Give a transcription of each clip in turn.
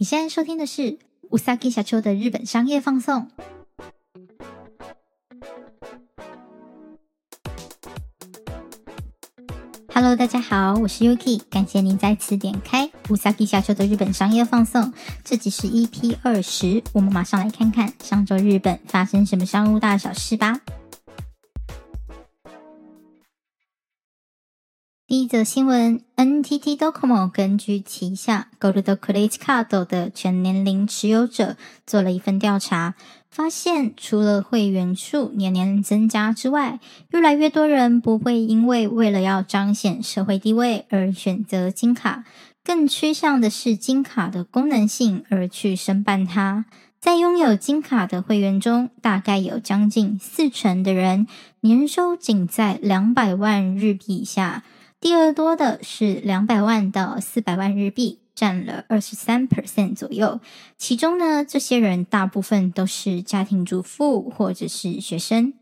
你現在收聽的是《うさぎ社長》的日本商業放送。Hello，大家好，我是 Yuki，感謝您再次點開《うさぎ社長》的日本商業放送。這集是 EP20，我們馬上來看看上周日本發生什麼商務大小事吧。的新聞，NTT Docomo 根據旗下 Gold Credit Card 的全年齡持有者做了一份調查，發現除了會員數年年增加之外，越來越多人不會因為為了要彰顯社會地位而選擇金卡，更趨向的是金卡的功能性而去申辦它。在擁有金卡的會員中，大概有將近四成的人年收僅在兩百萬日幣以下。第二多的是兩百萬到四百萬日幣，占了二十三 percent 左右。其中呢，這些人大部分都是家庭主婦或者是學生。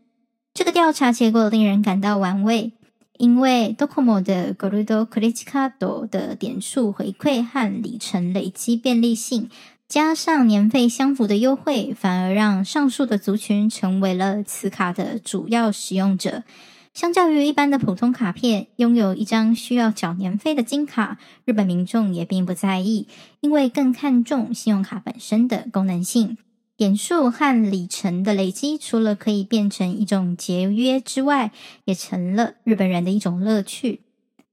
這個調查結果令人感到玩味，因為 docomo 的 Gorudo Kurejitto Kado 的點數回饋和里程累積便利性，加上年費相符的優惠，反而讓上述的族群成為了此卡的主要使用者。相較於一般的普通卡片，擁有一張需要繳年費的金卡，日本民眾也並不在意，因為更看重信用卡本身的功能性。點數和里程的累積，除了可以變成一種節約之外，也成了日本人的一種樂趣。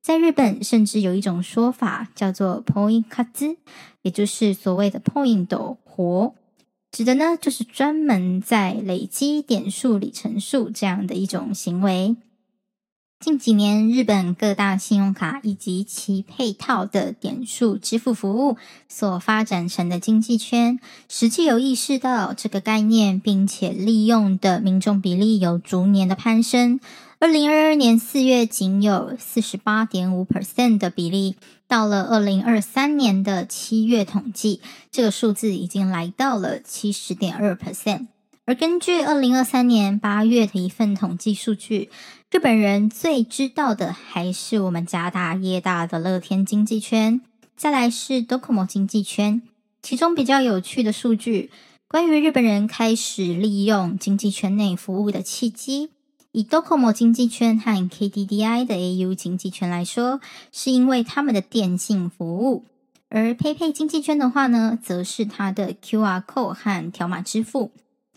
在日本，甚至有一種說法叫做“ポイ活”，也就是所謂的“ポイント活”。指的呢，就是專門在累積點數里程數這樣的一種行為。近幾年，日本各大信用卡以及其配套的點數支付服務所發展成的經濟圈，實際有意識到這個概念並且利用的民眾比例有逐年的攀升。二零二二年四月僅有四十八點五 percent 的比例，到了二零二三年的七月統計，這個數字已經來到了七十點二 percent。而根據二零二三年八月的一份統計數據，日本人最知道的還是我們家大業大的樂天經濟圈，再來是 docomo 經濟圈。其中比較有趣的數據，關於日本人開始利用經濟圈內服務的契機。以 Docomo 經濟圈和 KDDI 的 AU 經濟圈來說，是因為他們的電信服務；而 PayPay 經濟圈的話呢，則是它的 QR Code 和條碼支付；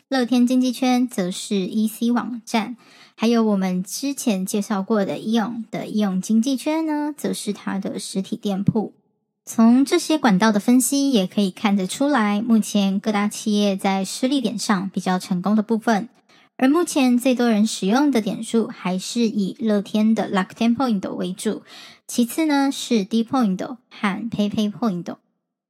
樂天經濟圈則是 EC 網站，還有我們之前介紹過的 AEON 的 AEON 經濟圈呢，則是它的實體店鋪。從這些管道的分析，也可以看得出來，目前各大企業在施力點上比較成功的部分。而目前最多人使用的點數還是以樂天的 Rakuten Point 為主，其次呢是 D Point 和 PayPay -pay Point。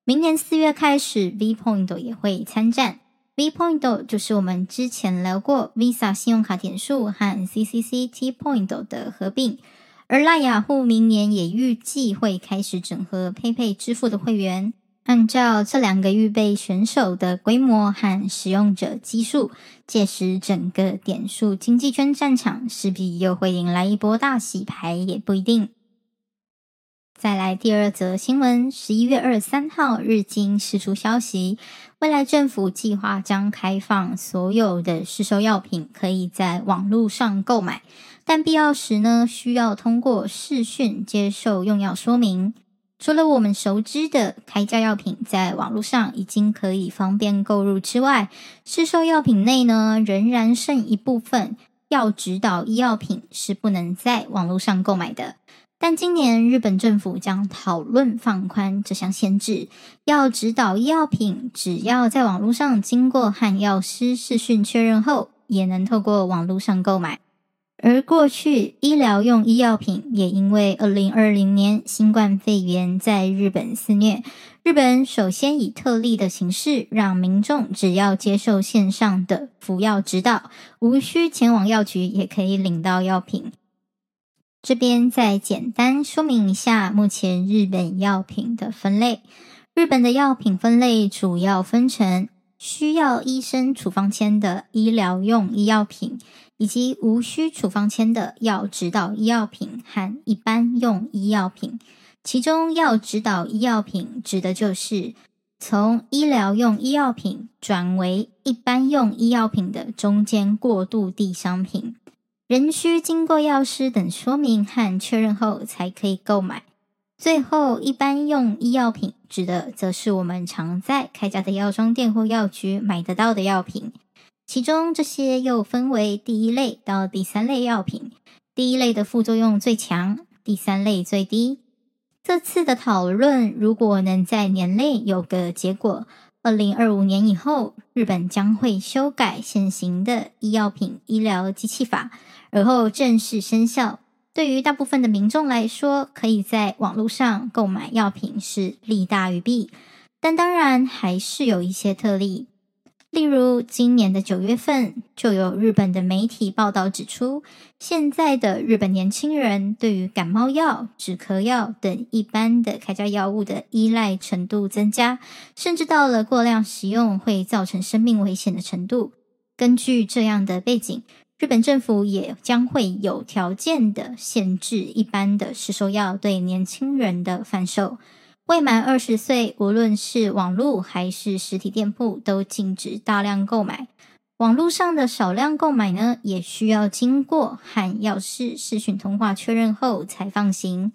明年四月開始，V Point 也會參戰。V Point 就是我們之前聊過 Visa 信用卡點數和 CCC T Point 的合併。而 LINE 雅虎明年也預計會開始整合 PayPay -pay 支付的會員。按照這兩個預備選手的規模和使用者基數，屆時整個點數經濟圈戰場勢必又會迎來一波大洗牌，也不一定。再來第二則新聞，十一月二十三號，日經釋出消息，未來政府計劃將開放所有的市售藥品可以在網絡上購買，但必要時呢，需要通過視訊接受用藥說明。除了我們熟知的開架藥品，在網絡上已經可以方便購入之外，市售藥品內呢，仍然剩一部分要指導醫藥品是不能在網絡上購買的。但今年日本政府將討論放寬這項限制，要指導醫藥品只要在網絡上經過和藥師視訊確認後，也能透過網絡上購買。而過去，醫療用醫藥品也因為2020年新冠肺炎在日本肆虐，日本首先以特例的形式，讓民眾只要接受線上的服藥指導，無需前往藥局，也可以領到藥品。這邊再簡單說明一下，目前日本藥品的分類。日本的藥品分類主要分成需要醫生處方箋的醫療用醫藥品。以及無需處方簽的要指導醫藥品和一般用醫藥品，其中要指導醫藥品指的就是從醫療用醫藥品轉為一般用醫藥品的中間過渡地商品，仍需經過藥師等說明和確認後才可以購買。最後，一般用醫藥品指的則是我們常在開架的藥妝店或藥局買得到的藥品。其中這些又分為第一類到第三類藥品，第一類的副作用最強，第三類最低。這次的討論如果能在年內有個結果，2025年以後，日本將會修改現行的《醫藥品醫療機器法》，而後正式生效。對於大部分的民眾來說，可以在網絡上購買藥品是利大於弊，但當然還是有一些特例。例如，今年的九月份，就有日本的媒體報道指出，現在的日本年輕人對於感冒藥、止咳藥等一般的開架藥物的依賴程度增加，甚至到了過量使用會造成生命危險的程度。根據這樣的背景，日本政府也將會有條件地限制一般的市售藥對年輕人的販售。未滿二十歲，無論是網絡還是實體店鋪，都禁止大量購買。網絡上的少量購買呢，也需要經過和藥師視訊通話確認後才放行。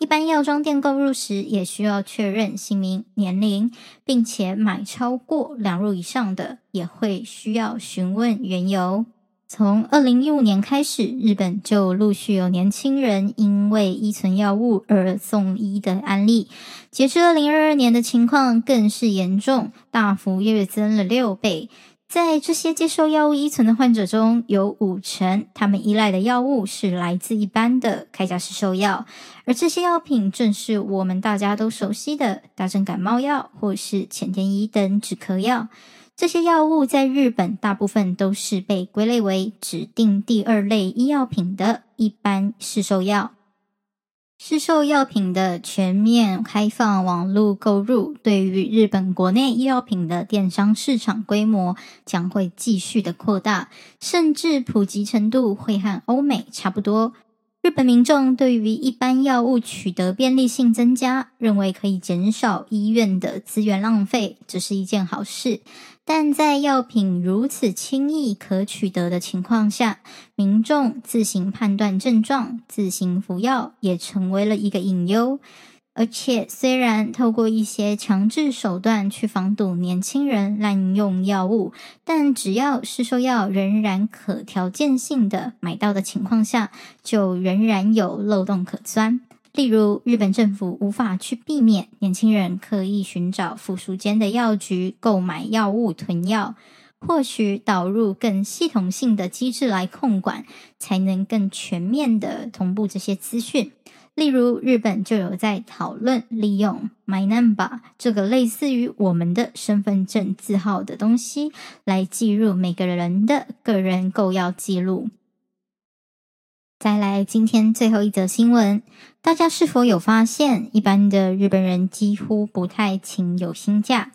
一般藥妝店購入時，也需要確認姓名、年齡，並且買超過兩入以上的，也會需要詢問緣由。從二零一五年開始，日本就陸續有年輕人因為依存藥物而送醫的案例。截至二零二二年的情況更是嚴重，大幅躍增了六倍。在這些接受藥物依存的患者中，有五成他們依賴的藥物是來自一般的開架式售藥，而這些藥品正是我們大家都熟悉的大正感冒藥或是淺田飴等止咳藥。這些藥物在日本大部分都是被歸類為指定第二類醫藥品的一般市售藥。市售藥品的全面開放網絡購入，對於日本國內醫藥品的電商市場規模將會繼續的擴大，甚至普及程度會和歐美差不多。日本民眾對於一般藥物取得便利性增加，認為可以減少醫院的資源浪費，這是一件好事。但在藥品如此輕易可取得的情況下，民眾自行判斷症狀、自行服藥，也成為了一個隱憂。而且，雖然透過一些強制手段去防堵年輕人濫用藥物，但只要是售藥仍然可條件性的買到的情況下，就仍然有漏洞可鑽。例如，日本政府無法去避免年輕人刻意尋找複數間的藥局購買藥物囤藥，或許導入更系統性的機制來控管，才能更全面地同步這些資訊。例如，日本就有在討論利用 My Number 這個類似於我們的身份證字號的東西，來記錄每個人的個人購藥記錄。再來，今天最後一則新聞，大家是否有發現，一般的日本人幾乎不太請有薪假？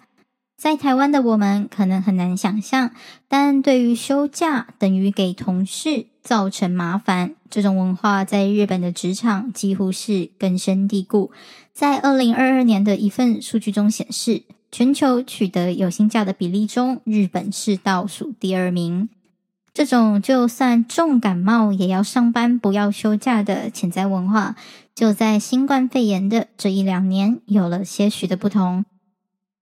在台灣的我們可能很難想象，但對於休假等於給同事造成麻煩這種文化，在日本的職場幾乎是根深蒂固。在二零二二年的一份數據中顯示，全球取得有薪假的比例中，日本是倒數第二名。這種就算重感冒也要上班，不要休假的潛在文化，就在新冠肺炎的這一兩年有了些許的不同。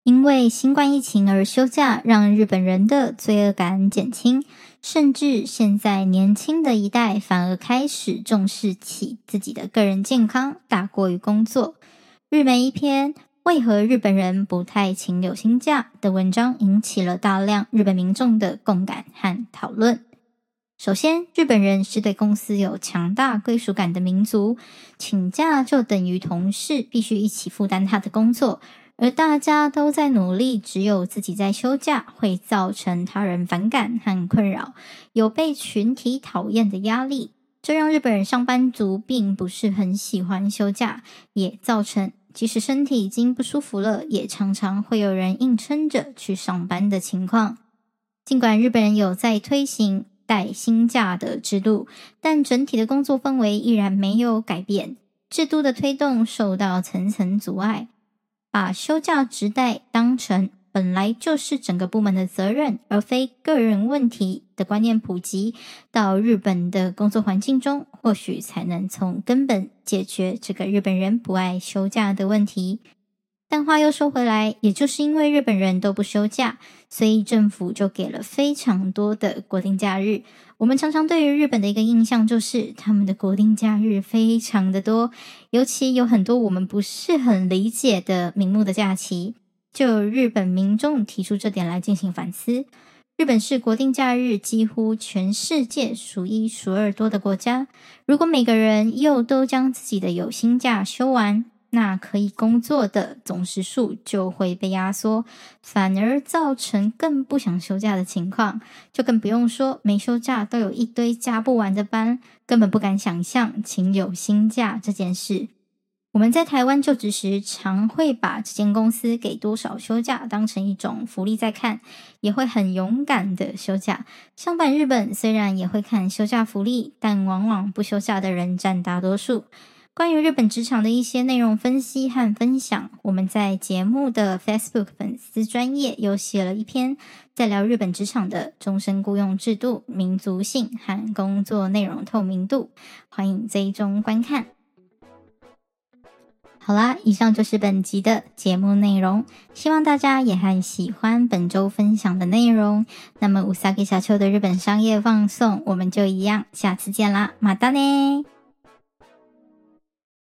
因為新冠疫情而休假，讓日本人的罪惡感減輕，甚至現在年輕的一代反而開始重視起自己的個人健康，大過於工作。日媒一篇。為何日本人不太請有薪假的文章引起了大量日本民眾的共感和討論。首先，日本人是對公司有強大歸屬感的民族，請假就等於同事必須一起負擔他的工作，而大家都在努力，只有自己在休假，會造成他人反感和困擾，有被群體討厭的壓力，這讓日本人上班族並不是很喜歡休假，也造成。即使身體已經不舒服了，也常常會有人硬撐着去上班的情況。儘管日本人有在推行帶薪假的制度，但整體的工作氛圍依然沒有改變。制度的推動受到層層阻礙，把休假職代當成本來就是整個部門的責任，而非個人問題的觀念普及到日本的工作環境中。或許才能從根本解決這個日本人不愛休假的問題。但話又說回來，也就是因為日本人都不休假，所以政府就給了非常多的國定假日。我們常常對於日本的一個印象就是，他們的國定假日非常的多，尤其有很多我們不是很理解的名目的假期。就日本民眾提出這點來進行反思。日本是國定假日幾乎全世界數一數二多的國家，如果每個人又都將自己的有薪假休完，那可以工作的總時數就會被壓縮，反而造成更不想休假的情況，就更不用說沒休假都有一堆加不完的班，根本不敢想象請有薪假這件事。我們在台灣就職時，常會把這間公司給多少休假當成一種福利在看，也會很勇敢的休假。相反，日本雖然也會看休假福利，但往往不休假的人占大多數。關於日本職場的一些內容分析和分享，我們在節目的 Facebook 粉絲專頁又寫了一篇，在聊日本職場的終身僱傭制度、民族性和工作內容透明度，歡迎追蹤觀看。好啦，以上就是本集的節目內容，希望大家也很喜歡本週分享的內容。那麼うさぎ社長的日本商業放送，我們就一樣，下次見啦，またね。